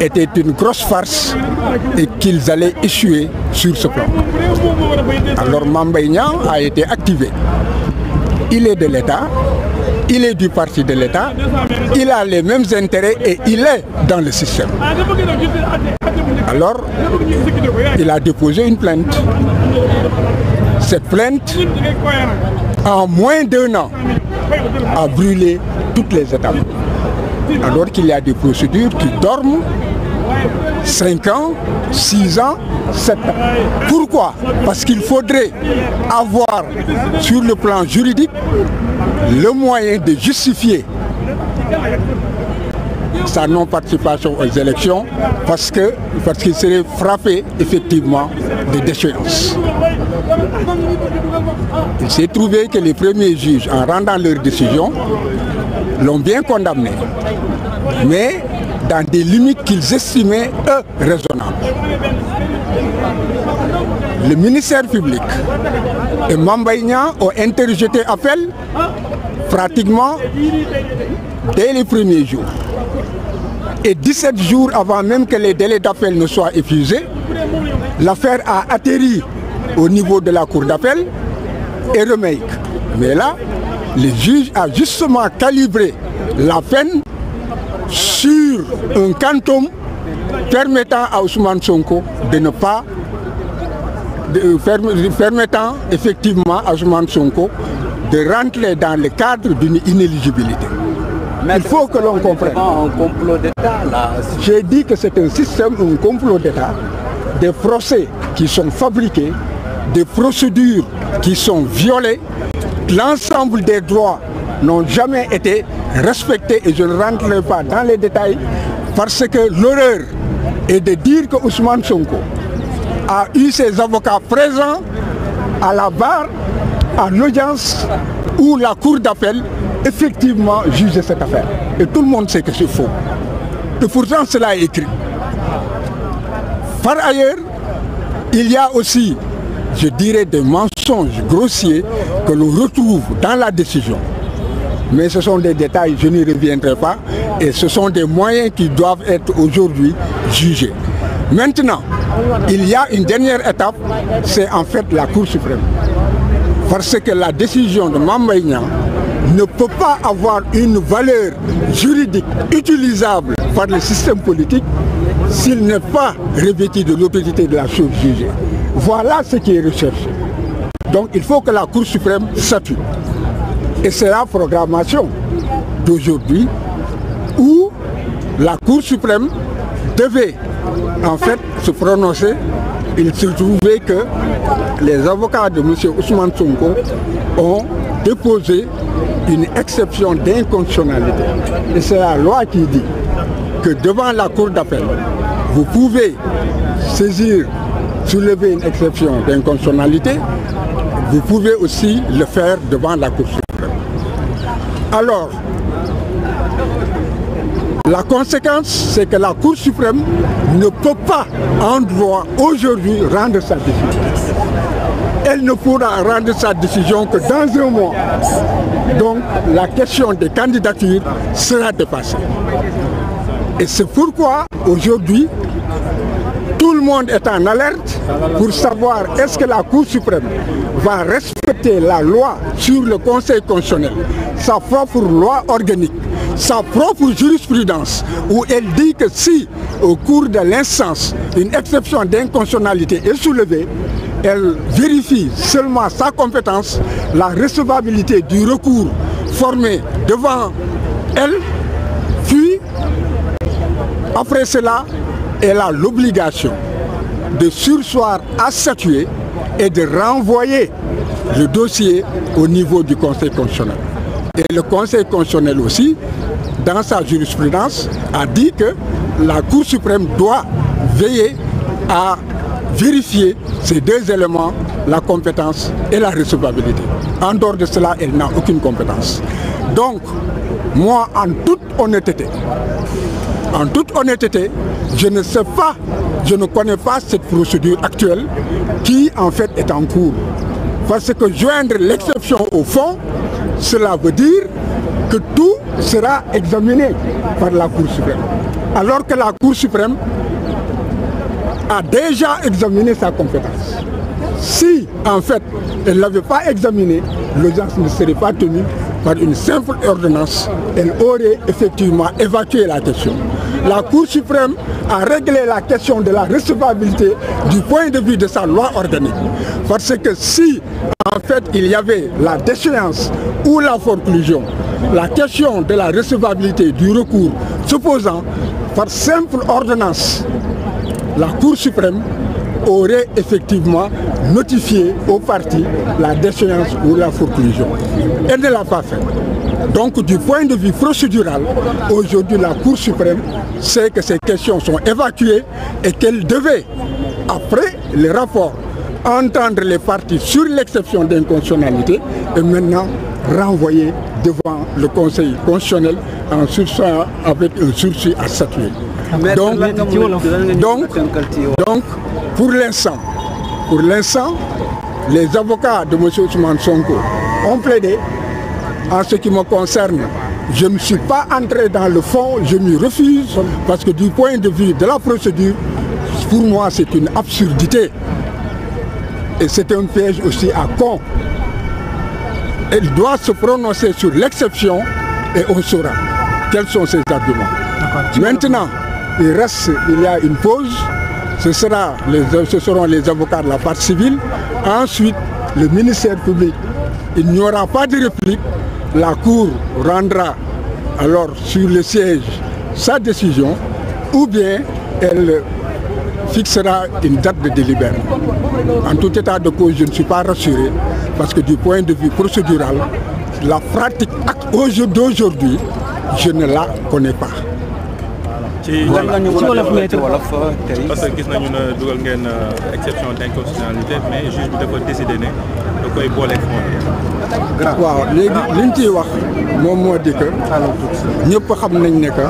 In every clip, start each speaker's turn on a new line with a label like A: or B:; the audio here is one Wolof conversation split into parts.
A: était une grosse farce et qu'ils allaient échouer sur ce plan. Alors Mambaïnian a été activé. Il est de l'État, il est du parti de l'État, il a les mêmes intérêts et il est dans le système. Alors, il a déposé une plainte. Cette plainte, en moins d'un an, a brûlé toutes les étapes. alors qu'il y a des procédures qui dorment 5 ans, 6 ans, 7 ans. Pourquoi Parce qu'il faudrait avoir sur le plan juridique le moyen de justifier sa non-participation aux élections parce que parce qu'il serait frappé effectivement de déchéance. Il s'est trouvé que les premiers juges, en rendant leur décision, l'ont bien condamné, mais dans des limites qu'ils estimaient, eux, raisonnables. Le ministère public et Mambaïna ont interjeté appel pratiquement dès les premiers jours. Et 17 jours avant même que les délais d'appel ne soient épuisés, l'affaire a atterri au niveau de la cour d'appel et remake. Mais là, le juge a justement calibré la peine sur un quantum permettant à Ousmane Sonko de ne pas de, euh, permettant effectivement à Ousmane Sonko de rentrer dans le cadre d'une inéligibilité. il faut que l'on comprenne. un complot d'État là. J'ai dit que c'est un système, un complot d'État, des procès qui sont fabriqués, des procédures qui sont violées, l'ensemble des droits n'ont jamais été respectés et je ne rentrerai pas dans les détails parce que l'horreur est de dire que Ousmane Sonko a eu ses avocats présents à la barre, en audience, où la cour d'appel effectivement juger cette affaire. Et tout le monde sait que c'est faux. Et pourtant, cela est écrit. Par ailleurs, il y a aussi, je dirais, des mensonges grossiers que l'on retrouve dans la décision. Mais ce sont des détails, je n'y reviendrai pas, et ce sont des moyens qui doivent être aujourd'hui jugés. Maintenant, il y a une dernière étape, c'est en fait la Cour suprême. Parce que la décision de Mambaïna ne peut pas avoir une valeur juridique utilisable par le système politique s'il n'est pas revêtu de l'autorité de la chose jugée. Voilà ce qui est recherché. Donc il faut que la Cour suprême s'appuie. Et c'est la programmation d'aujourd'hui où la Cour suprême devait en fait se prononcer. Il se trouvait que les avocats de M. Ousmane Sonko ont déposé une exception d'inconstitutionnalité. Et c'est à loi qui dit que devant la Cour d'appel, vous pouvez saisir, soulever une exception d'inconstitutionnalité, vous pouvez aussi le faire devant la Cour suprême. Alors, la conséquence, c'est que la Cour suprême ne peut pas, en droit, aujourd'hui, rendre sa décision. elle ne pourra rendre sa décision que dans un mois. Donc la question des candidatures sera dépassée. Et c'est pourquoi aujourd'hui, tout le monde est en alerte pour savoir est-ce que la Cour suprême va respecter la loi sur le Conseil constitutionnel, sa propre loi organique, sa propre jurisprudence, où elle dit que si, au cours de l'instance, une exception d'inconstitutionnalité est soulevée, elle vérifie seulement sa compétence, la recevabilité du recours formé devant elle, puis après cela, elle a l'obligation de sursoir à statuer et de renvoyer le dossier au niveau du Conseil constitutionnel. Et le Conseil constitutionnel aussi, dans sa jurisprudence, a dit que la Cour suprême doit veiller à vérifier ces deux éléments, la compétence et la recevabilité. En dehors de cela, elle n'a aucune compétence. Donc, moi, en toute honnêteté, en toute honnêteté, je ne sais pas, je ne connais pas cette procédure actuelle qui en fait est en cours. Parce que joindre l'exception au fond, cela veut dire que tout sera examiné par la Cour suprême. Alors que la Cour suprême a déjà examiné sa compétence. Si, en fait, elle ne l'avait pas examinée, l'audience ne serait pas tenue par une simple ordonnance. Elle aurait effectivement évacué la question. La Cour suprême a réglé la question de la recevabilité du point de vue de sa loi organique. Parce que si, en fait, il y avait la déchéance ou la forclusion, la question de la recevabilité du recours s'opposant par simple ordonnance la Cour suprême aurait effectivement notifié au parti la déchéance ou la forclusion. Elle ne l'a pas fait. Donc du point de vue procédural, aujourd'hui la Cour suprême sait que ces questions sont évacuées et qu'elle devait, après les rapports, entendre les partis sur l'exception d'inconstitutionnalité et maintenant renvoyer devant le Conseil constitutionnel en sursis avec un sursis à statuer. donc donc donc pour l'instant pour l'instant les avocats de monsieur Ousmane Sonko ont plaidé en ce qui me concerne je ne suis pas entré dans le fond je m'y refuse parce que du point de vue de la procédure pour moi c'est une absurdité et c'est un piège aussi à con elle doit se prononcer sur l'exception et on saura quels sont ses arguments maintenant il reste, il y a une pause. Ce, sera les, seront les avocats de la part civile. Ensuite, le ministère public. Il n'y aura pas de réplique. La Cour rendra alors sur le siège sa décision ou bien elle fixera une date de délibération. En tout état de cause, je ne suis pas rassuré parce que du point de vue procédural, la pratique d'aujourd'hui, je ne la connais pas. ci wolof ci wolof euh, que gis nañu ne dugal ngeen euh, exception d'inconstitutionnalité mais juge bi dafa décider da koy booleeg fond. waaw léegi ah. liñ ciy wax moom moo di que ñëpp xam nañ ne que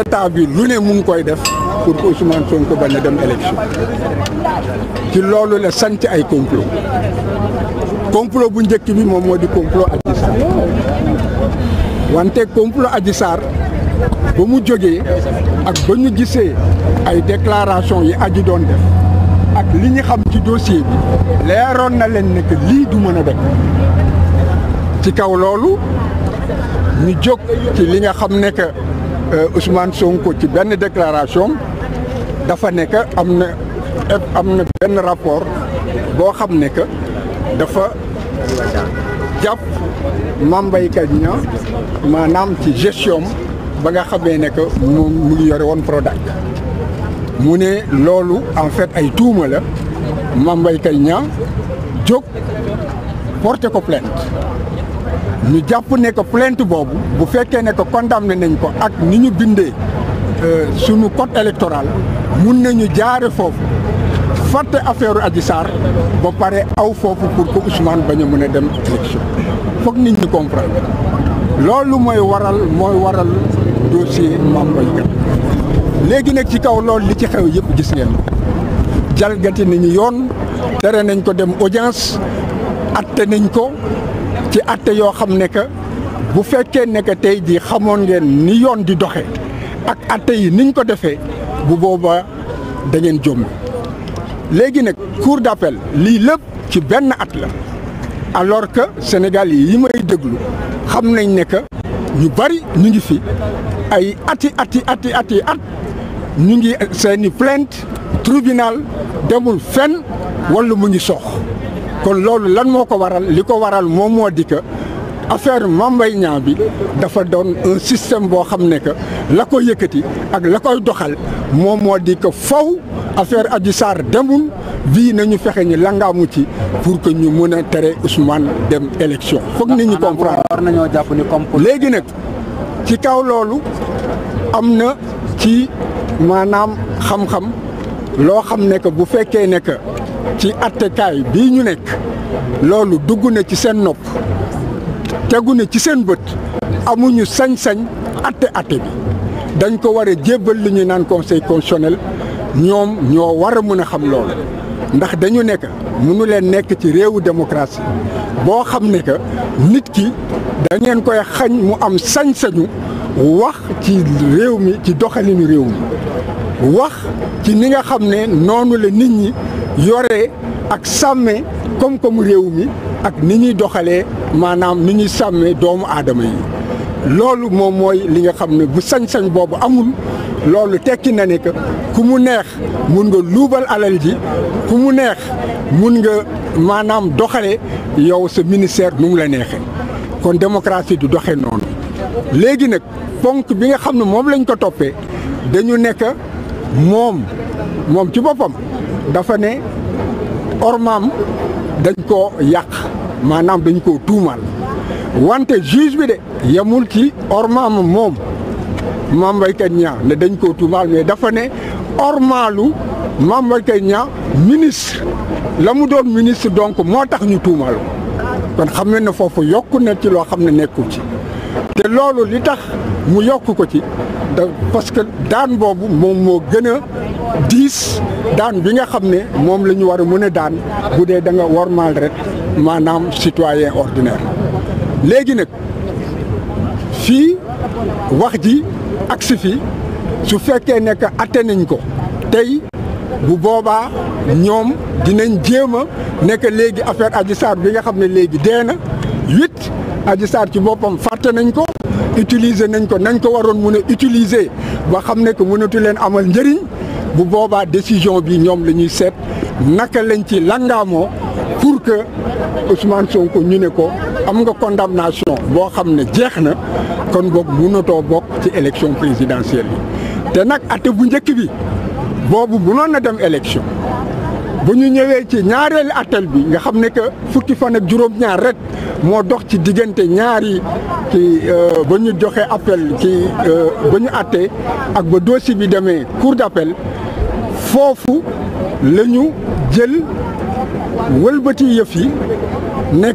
A: état bi lu ne mu ngi koy def pour que Ousmane Sonko bañ a dem élection ci loolu la sanc ay complot complot bu njëkk bi moom moo di complot Adji Sarr wante complot Adji Sarr ba mu jógee ak ba ñu gisee ay déclaration yi aji doon def ak li ñu xam ci dossier bi leeroon na leen ne lii du mën a def ci kaw loolu ñu jóg ci li nga xam ne que euh, Ousmane Sonko ci benn déclaration dafa nekk am na am na benn rapport boo xam ne que dafa jàpp Mame Mbaye Niang maanaam ci gestion ba nga xamee ne que mu ngi yore woon Prodac mu ne loolu en fait ay tuuma la Mame Mbaye Teye Niang jóg porté ko plainte ñu jàpp ne que plainte boobu bu fekkee ne que condamné nañ ko ak ni ñu bindee euh, suñu code électoral mun nañu jaare foofu fàtte affaire Adji Sarr ba pare aw foofu pour que Ousmane bañ a mën a dem élection foog nit ñi comprendre loolu mooy waral mooy waral dossier Mame Boye Diao léegi nag ci kaw lool li ci xew yëpp gis ngeen jalgati nañu yoon tere nañ ko dem audience atte nañ ko ci atte yoo xam ne que bu fekkee ne tey jii xamoon ngeen ni yoon di doxe ak atte yi niñ ko defee bu boobaa da ngeen jomb léegi nag cour d'appel lii lépp ci benn at la alors que Sénégal yi yi may déglu xam nañ ne que ñu bari ñu ngi fi ay ati ati ati ati at ñu ngi seeni plainte tribunal demul fen walla mu ngi sox kon loolu lan moo ko waral li ko waral moom moo di que affaire Mame Mbaye bi dafa doon un système boo xam ne que la ko yëkkati ak la koy doxal moom moo di que faw affaire Adji Sarr demul bii nañu fexe ñu langaamu ci pour que ñu mën a tere Ousmane dem élection foog nit ñi comprendre léegi nag ci kaw loolu am na ci maanaam xam-xam loo xam ne que bu fekkee ne que ci attekaay bii ñu nekk loolu dugg na ci seen nopp tegu na ci seen bët amuñu sañ-sañ ate atte bi dañ ko war a jébbal li ñuy naan conseil constitutionnel ñoom ñoo war a mën a xam loolu ndax dañu nekk mënu leen nekk ci réewu démocratie boo xam ne que nit ki da ngeen koy xañ mu am sañ wax ci réew mi ci doxalinu réew mi wax ci ni nga xam ne noonu la nit ñi yore ak sàmme koom-koomu réew mi ak ni ñuy doxalee maanaam ni ñuy sàmme doomu aadama yi loolu moom mooy li nga xam ne bu sañ boobu amul loolu tekki na ne que ku mu neex mun nga luubal alal ji ku mu neex mun nga maanaam doxale yow sa ministère nu mu la neexee kon démocratie du doxee noonu léegi nag ponk bi nga xam ne moom lañ ko toppee dañu nekk moom moom ci boppam dafa ne ormaam dañ ko yàq maanaam dañ koo tuumaal wante juge bi de yemul ci ormaam moom Mame Mbaye Kane Niang ne dañ koo tuumaal mais dafa ne ormaalu Mame Mbaye Kane ministre la mu doon ministre donc moo tax ñu tuumaal ko kon xam ngeen ne foofu yokku na ci loo xam ne nekkul ci te loolu li tax mu yokk ko ci da parce que daan boobu moom moo gën a diis daan bi nga xam ne moom la ñu war a mën a daan bu dee da nga wormaal rek maanaam citoyen ordinaire léegi nag fii wax ji agsi fi su fekkee nekk atte nañ ko tey bu boobaa ñoom dinañ jéem a nekk léegi affaire Adji bi nga xam ne léegi dee na huit Adji Sarr ci boppam fàtte nañ ko utiliser nañ ko nañ ko waroon mun a utiliser ba xam ne que mënatu leen amal njëriñ bu boobaa décision bi ñoom la ñuy seet naka lañ ci langaamoo pour que Ousmane ko ñu ne ko am nga condamnation boo xam ne jeex na kon boog mënatoo bokk ci élection présidentielle bi te nag atte bu njëkk bi boobu mënoon a dem élection bu ñu ñëwee ci ñaareelu atel bi nga xam ne que fukki fan ak juróom-ñaar rek moo dox ci diggante ñaari ci euh, ba ñu joxe appel ci euh, ba ñu attee ak ba dossier bi demee cour d'appel foofu la ñu jël wëlbati yëf yi ne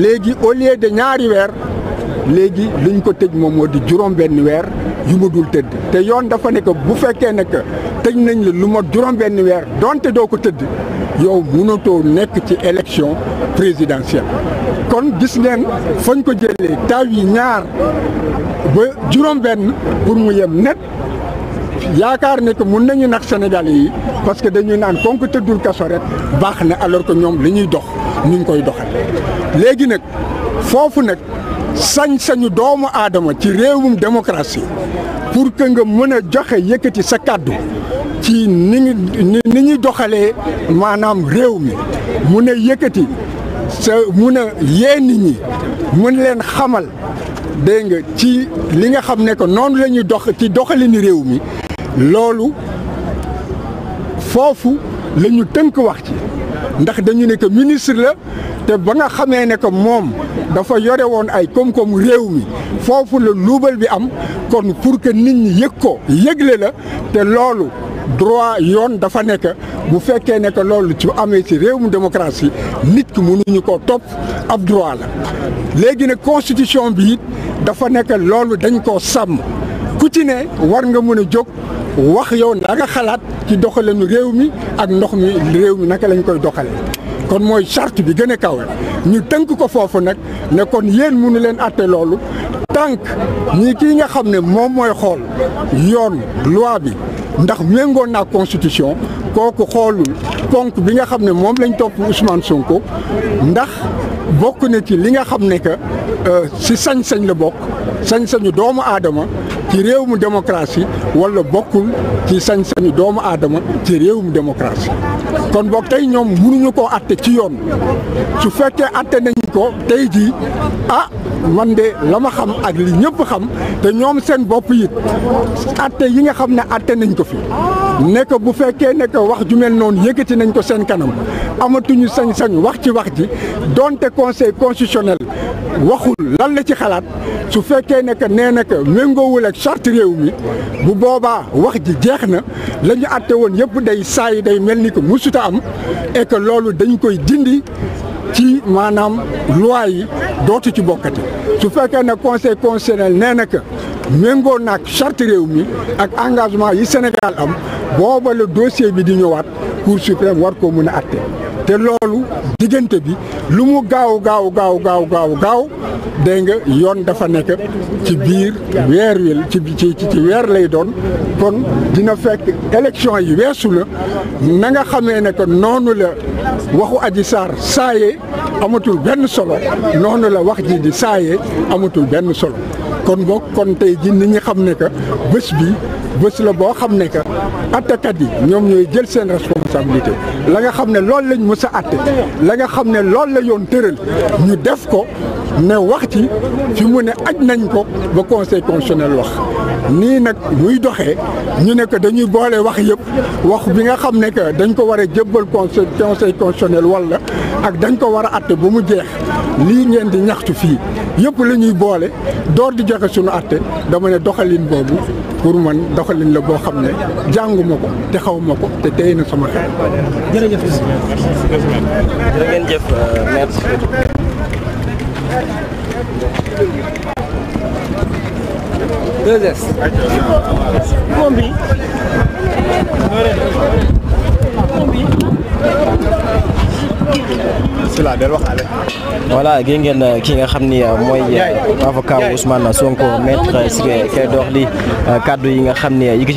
A: léegi au lieu de ñaari weer. léegi liñ ko tëj moom moo di juróom benn weer yu mu dul tëdd te yoon dafa ne que bu fekkee ne que tëj nañ la lu mot juróom benn weer donte doo ko tëdd yow mënatoo nekk ci élection présidentielle kon gis ngeen fañ ko jëlee taw yi ñaar ba juróom benn pour mu yem net yaakaar ne mun nañu nag Sénégalais yi parce que dañuy naan kon ko tëddul kaso rek baax na alors que ñoom li ñuy dox ñu koy doxal léegi nag foofu nag sañ-sañu doomu aadama ci réewum démocratie pour kë nga mën a joxe yëkkati sa kàddu ci ni ni ñuy doxalee maanaam réew mi mun a yëkkati sa mun a yee nit ñi mën leen xamal dégg nga ci li nga xam ne que noonu la ñuy dox ci doxalinu réew mi loolu foofu la ñu tënk wax ci ndax dañu ne que ministre la te ba nga xamee ne ko moom. dafa yore woon ay koom-koomu réew mi foofu la luubal bi am kon pour que nit ñi yëg ko yëgle la te loolu droit yoon dafa nekk bu fekkee ne que loolu ci amee ci réew mu démocratie nit ki mënuñu ko topp ab droit la léegi nag constitution biit dafa nekk loolu dañu ko sàmm ku ci ne war nga mën a jóg wax yow la nga xalaat ci doxalinu réew mi ak ndox mi réew mi naka lañ koy doxale kon mooy charte bi gën a kawe ñu tënk ko foofu nag ne kon yéen mënu leen atte loolu tànk ñi kii nga xam ne moom mooy xool yoon loi bi ndax méngoon naa constitution kooku xoolul ponk bi nga xam ne moom lañ topp Ousmane Sonko ndax bokk na ci li nga xam ne que euh, si sañ-sañ la bokk sañ-sañu doomu aadama ci réew mu démocratie wala bokkul ci sañ-sañu doomu aadama ci réew mu démocratie kon boog tey ñoom mënuñu koo atte ci yoon su fekkee atte nañ ko tey jii ah man de la ma xam ak li ñëpp xam te ñoom seen bopp yi atte yi nga xam ne atte nañ ko fi nekk bu fekkee nekk wax ju mel noonu yëkkati nañ ko seen kanam amatuñu sañ-sañ wax ci wax ji donte conseil constitutionnel waxul lan la ci xalaat su fekkee ne que nee na que méngoowul ak charte réew mi bu boobaa wax ji jeex na la ñu woon yëpp day saa yi day mel ni que musuta am et que loolu dañ koy dindi ci maanaam loi yi dootu ci bokkati su fekkee ne conseil constitutionnel nee na que méngoo naag charte réew mi ak engagement yi Sénégal am booba la bi di ñëwaat cour suprême war koo mën a àtte te loolu diggante bi lu mu gaaw gaaw gaaw gaaw gaaw gaaw dégg nga yoon dafa nekk ci biir weer wi ci weer lay doon kon dina fekk élection yi weesu na na nga xamee ne que noonu la waxu aji Sarr saaye amatul benn solo noonu la wax ji di saaye amatul benn solo kon boog kon tey ji nit ñi xam ne que bés bi bés la boo xam ne que attekat yi ñoom ñooy jël seen responsabilité la nga xam ne loolu lañ mës sa atte la nga xam ne loolu la yoon tëral ñu def ko ne wax ci fi mu ne aj nañ ko ba conseil constitutionnel wax nii nag muy doxee ñu ne que dañuy boole wax yëpp wax bi nga xam ne que dañ ko war a jëbbal conseil conseil constitutionnel walla ak dañ ko war a atte ba mu jeex lii ngeen di ñaxtu fii yëpp lañuy boole door di joxe suñu atte dama ne doxalin boobu pour man doxalin la boo xam ne jànguma ko te xaw ma ko te tey na sama xel. Euh, sila del waxaale voilà euh, ki nga xam ni euh, mooy euh, avocat Ousmane Sonko maître Ciré Clédor Ly kaddu yi nga xam ne